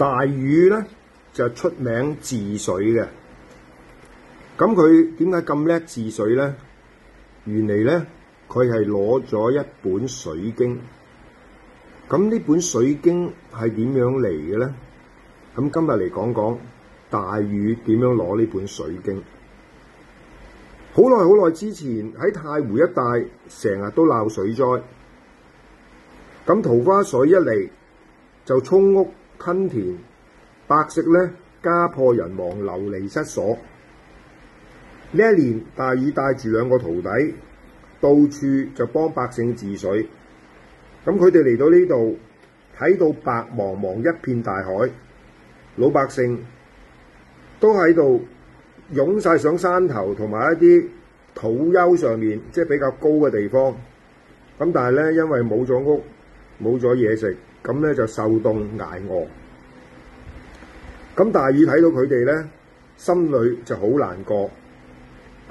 大禹咧就出名治水嘅，咁佢點解咁叻治水咧？原嚟咧佢係攞咗一本水經，咁呢本水經係點樣嚟嘅咧？咁今日嚟講講大禹點樣攞呢本水經。好耐好耐之前喺太湖一帶成日都鬧水災，咁桃花水一嚟就衝屋。吞田白色咧，家破人亡，流離失所。呢一年，大禹帶住兩個徒弟，到處就幫百姓治水。咁佢哋嚟到呢度，睇到白茫茫一片大海，老百姓都喺度湧晒上山頭同埋一啲土丘上面，即係比較高嘅地方。咁但係咧，因為冇咗屋，冇咗嘢食。咁咧就受凍挨餓，咁大禹睇到佢哋咧，心裏就好難過，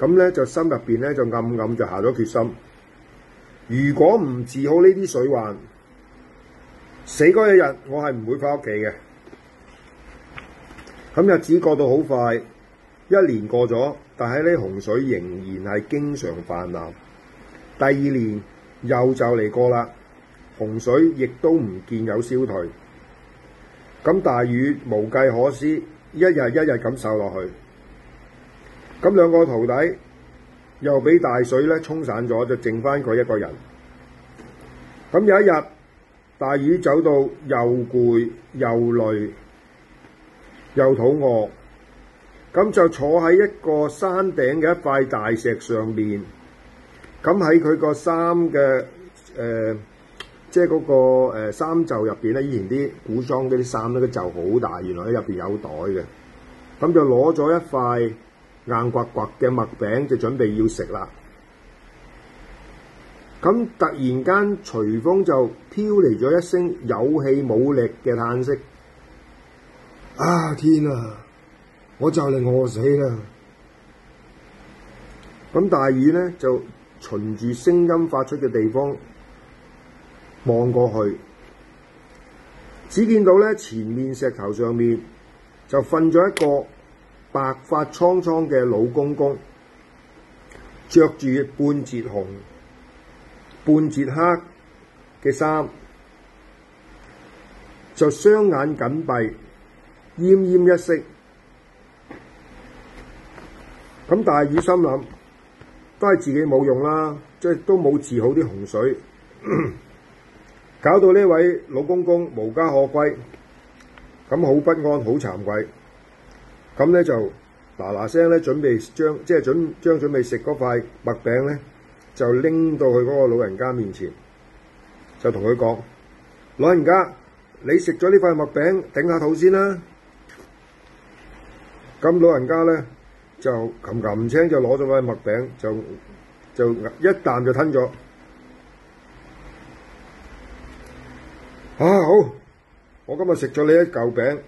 咁咧就心入邊咧就暗暗就下咗決心，如果唔治好呢啲水患，死嗰一日我係唔會翻屋企嘅。咁日子過到好快，一年過咗，但係呢洪水仍然係經常氾濫。第二年又就嚟過啦。洪水亦都唔見有消退，咁大禹無計可施，一日一日咁受落去。咁兩個徒弟又俾大水咧沖散咗，就剩翻佢一個人。咁有一日，大禹走到又攰又累又肚餓，咁就坐喺一個山頂嘅一塊大石上面。咁喺佢個衫嘅誒。呃即係嗰、那個誒衫、呃、袖入邊咧，以前啲古裝嗰啲衫咧，啲袖好大，原來喺入邊有袋嘅。咁就攞咗一塊硬刮刮嘅麥餅，就準備要食啦。咁突然間，隨風就飄嚟咗一聲有氣冇力嘅嘆息。啊，天啊！我就嚟餓死啦！咁大禹咧，就循住聲音發出嘅地方望過去，只見到咧，前面石頭上面就瞓咗一個白髮蒼蒼嘅老公公，着住半截紅半截黑嘅衫，就雙眼緊閉，奄奄一息。咁，大禹心諗都係自己冇用啦，即係都冇治好啲洪水。搞到呢位老公公無家可歸，咁好不安，好慚愧，咁咧就嗱嗱聲咧準備將即係準將準備食嗰塊麥餅咧，就拎到去嗰個老人家面前，就同佢講：老人家，你食咗呢塊麥餅頂下肚先啦，啊。咁老人家咧就擒擒青就攞咗塊麥餅就就一啖就吞咗。啊好，我今日食咗你一嚿餅，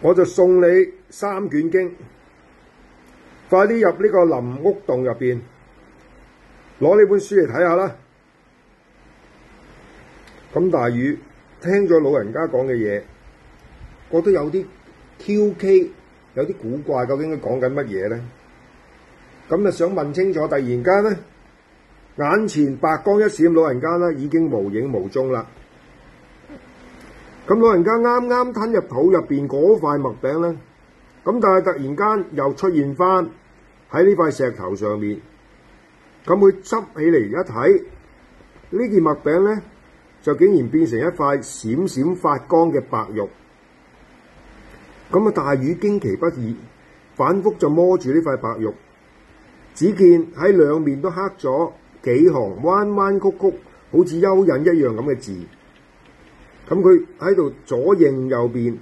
我就送你三卷經。快啲入呢個林屋洞入邊，攞呢本書嚟睇下啦。咁大禹聽咗老人家講嘅嘢，覺得有啲 QK，有啲古怪，究竟佢講緊乜嘢咧？咁啊想問清楚，突然間咧～眼前白光一閃，老人家咧已經無影無蹤啦。咁老人家啱啱吞入肚入邊嗰塊墨餅咧，咁但係突然間又出現翻喺呢塊石頭上面。咁佢執起嚟一睇，呢件墨餅咧就竟然變成一塊閃閃發光嘅白玉。咁啊，大禹驚奇不已，反覆就摸住呢塊白玉，只見喺兩面都黑咗。幾行彎彎曲曲，好似蚯蚓一樣咁嘅字，咁佢喺度左應右變，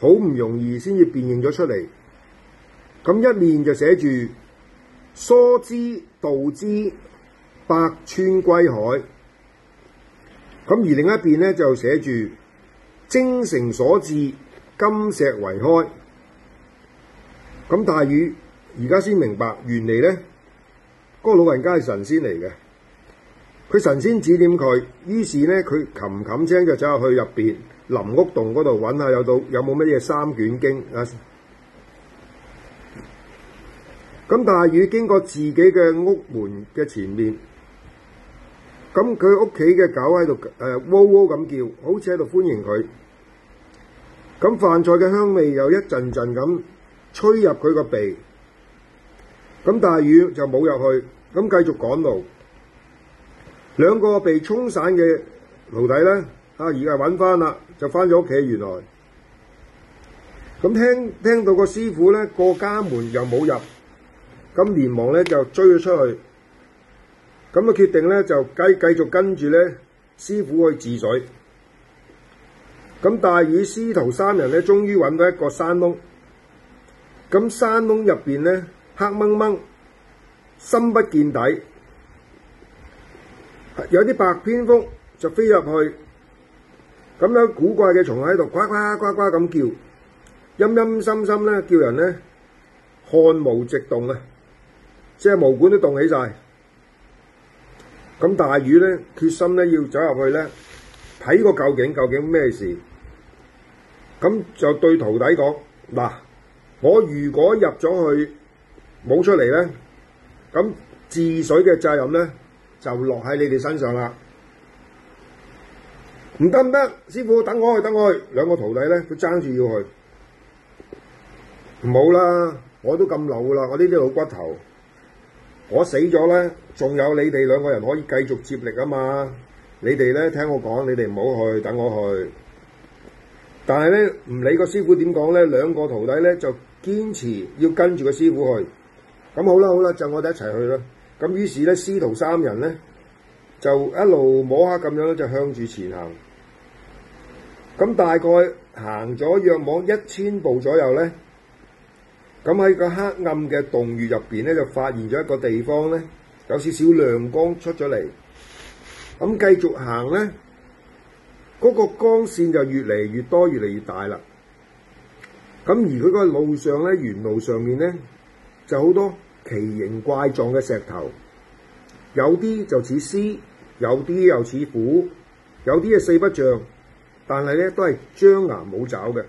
好唔容易先至辨認咗出嚟。咁一面就寫住疏之、道之、百川歸海。咁而另一邊咧就寫住精誠所至，金石為開。咁大禹而家先明白原來呢，原嚟咧。嗰個老人家係神仙嚟嘅，佢神仙指點佢，於是咧佢冚冚聲就走入去入邊林屋洞嗰度揾下有到有冇乜嘢三卷經啊！咁大雨經過自己嘅屋門嘅前面，咁佢屋企嘅狗喺度誒喔喔咁叫，好似喺度歡迎佢。咁飯菜嘅香味又一陣陣咁吹入佢個鼻。咁大禹就冇入去，咁繼續趕路。兩個被沖散嘅徒弟咧，啊而家揾返啦，就返咗屋企。原來咁聽聽到個師傅咧過家門又冇入，咁連忙咧就追咗出去。咁啊決定咧就繼繼續跟住咧師傅去治水。咁大禹，師徒三人咧，終於揾到一個山窿。咁山窿入邊咧？黑掹掹、深不見底，有啲白蝙蝠就飛入去，咁樣古怪嘅蟲喺度，呱呱呱呱咁叫，陰陰森森咧，叫人咧汗毛直動啊！即係毛管都凍起曬。咁大禹咧決心咧要走入去咧睇個究竟，究竟咩事。咁就對徒弟講：嗱，我如果入咗去，冇出嚟咧，咁治水嘅責任咧就落喺你哋身上啦。唔得唔得，師傅，等我去，等我去。兩個徒弟咧，佢爭住要去。冇啦，我都咁老啦，我呢啲老骨頭，我死咗咧，仲有你哋兩個人可以繼續接力啊嘛。你哋咧聽我講，你哋唔好去，等我去。但係咧唔理個師傅點講咧，兩個徒弟咧就堅持要跟住個師傅去。咁好啦，好啦，就我哋一齊去啦。咁於是咧，師徒三人咧就一路摸黑咁樣咧，就向住前行。咁大概行咗約摸一千步左右咧，咁喺個黑暗嘅洞穴入邊咧，就發現咗一個地方咧，有少少亮光出咗嚟。咁繼續行咧，嗰個光線就越嚟越多，越嚟越大啦。咁而佢個路上咧，沿路上面咧。就好多奇形怪狀嘅石頭，有啲就似獅，有啲又似虎，有啲係四不像，但係咧都係張牙舞爪嘅。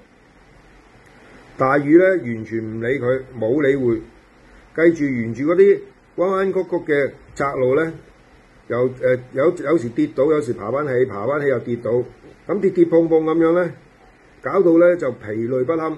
大禹，咧完全唔理佢，冇理會，繼住沿住嗰啲彎彎曲曲嘅窄路咧，又誒、呃、有有時跌倒，有時爬翻起，爬翻起又跌倒，咁跌跌碰碰咁樣咧，搞到咧就疲累不堪。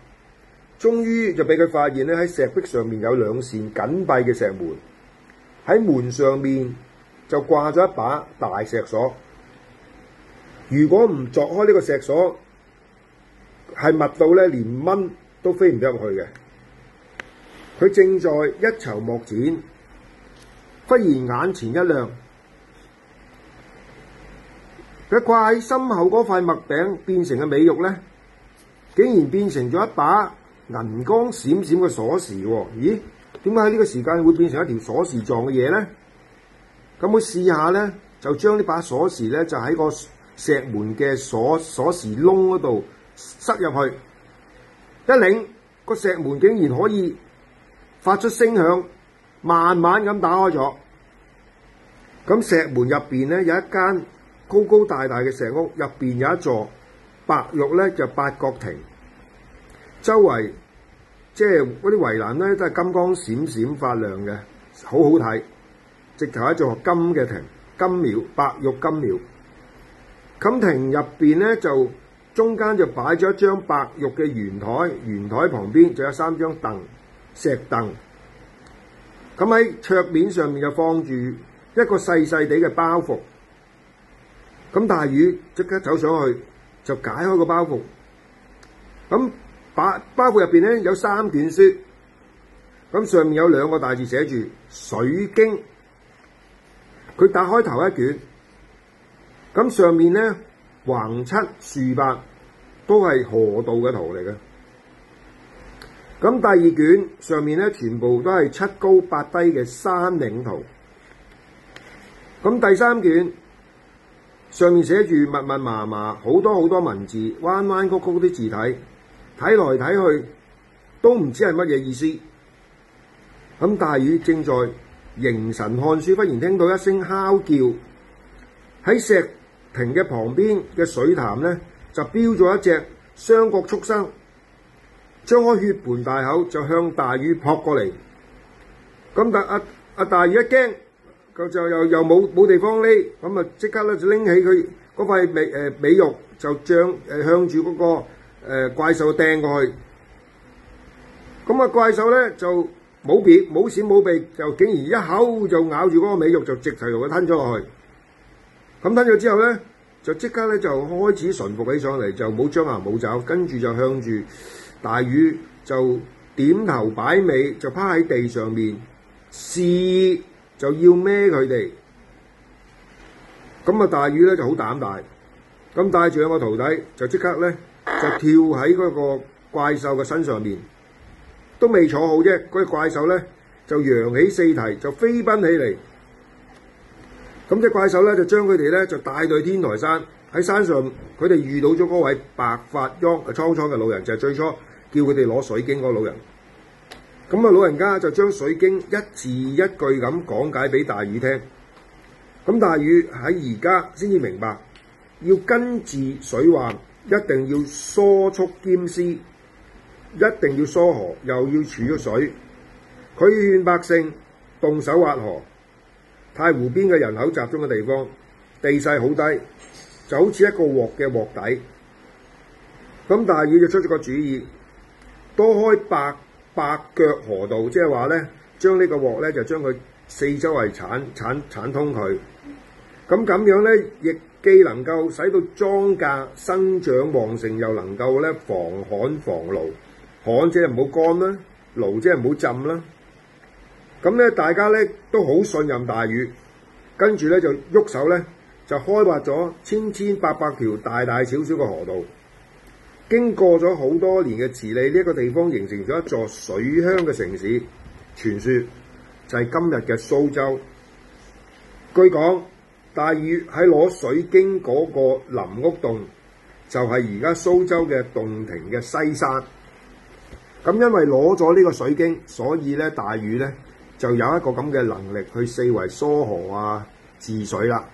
終於就俾佢發現咧，喺石壁上面有兩扇緊閉嘅石門，喺門上面就掛咗一把大石鎖。如果唔鑿開呢個石鎖，係密到咧，連蚊都飛唔入去嘅。佢正在一籌莫展，忽然眼前一亮，佢掛喺心口嗰塊墨餅變成嘅美玉咧，竟然變成咗一把，銀光閃閃嘅鎖匙喎，咦？點解喺呢個時間會變成一條鎖匙狀嘅嘢咧？咁我試下咧，就將呢把鎖匙咧，就喺個石門嘅鎖鎖匙窿嗰度塞入去，一擰個石門竟然可以發出聲響，慢慢咁打開咗。咁石門入邊咧，有一間高高大大嘅石屋，入邊有一座白玉咧就八角亭。周圍即係嗰啲圍欄咧，都係金光閃閃發亮嘅，好好睇。直頭一座金嘅亭金廟，白玉金廟。咁亭入邊咧，就中間就擺咗一張白玉嘅圓台，圓台旁邊就有三張凳石凳。咁喺桌面上面就放住一個細細地嘅包袱。咁大禹即刻走上去就解開個包袱，咁。包包括入邊咧有三卷書，咁上面有兩個大字寫住《水經》，佢打開頭一卷，咁上面咧橫七豎八都係河道嘅圖嚟嘅。咁第二卷上面咧全部都係七高八低嘅山嶺圖，咁第三卷上面寫住密密麻麻好多好多文字，彎彎曲曲啲字體。睇來睇去都唔知係乜嘢意思。咁大禹正在凝神看書，忽然聽到一聲哮叫，喺石亭嘅旁邊嘅水潭咧就飆咗一隻雙角畜生，張開血盆大口就向大禹撲過嚟。咁但阿阿大禹一驚，佢就又又冇冇地方匿，咁啊即刻咧就拎起佢嗰塊美誒美玉，就將誒向住嗰個。誒怪獸掟過去，咁啊怪獸咧就冇撇冇閃冇避，就竟然一口就咬住嗰個美肉就直頭同佢吞咗落去。咁吞咗之後咧，就即刻咧就開始馴服起上嚟，就冇張牙冇爪，跟住就向住大禹就點頭擺尾，就趴喺地上面，示意就要孭佢哋。咁啊大禹咧就好膽大，咁帶住兩個徒弟就即刻咧。就跳喺嗰個怪獸嘅身上面，都未坐好啫。嗰隻怪獸咧就揚起四蹄就飛奔起嚟，咁隻怪獸咧就將佢哋咧就帶到天台山。喺山上，佢哋遇到咗嗰位白髮蒼蒼嘅老人，就係最初叫佢哋攞水經嗰個老人。咁啊，老人家就將水經一字一句咁講解俾大禹聽，咁大禹喺而家先至明白要根治水患，一定要疏速兼施，一定要疏河又要儲咗水。佢勸百姓動手挖河。太湖邊嘅人口集中嘅地方，地勢好低，就好似一個鑊嘅鑊底。咁但係，要就出咗個主意，多開八百腳河道，即係話咧，將呢個鑊咧就將佢四周圍鏟鏟鏟通佢。咁咁樣咧，亦既能夠使到莊稼生長旺盛，又能夠咧防旱防澇。旱者唔好乾啦，澇者係唔好浸啦。咁咧，大家咧都好信任大禹。跟住咧就喐手咧就開挖咗千千八百條大大小小嘅河道。經過咗好多年嘅治理，呢、這、一個地方形成咗一座水鄉嘅城市。傳説就係今日嘅蘇州。據講。大禹喺攞水經嗰個林屋洞，就係而家蘇州嘅洞庭嘅西山。咁因為攞咗呢個水經，所以咧大禹咧就有一個咁嘅能力去四圍疏河啊治水啦。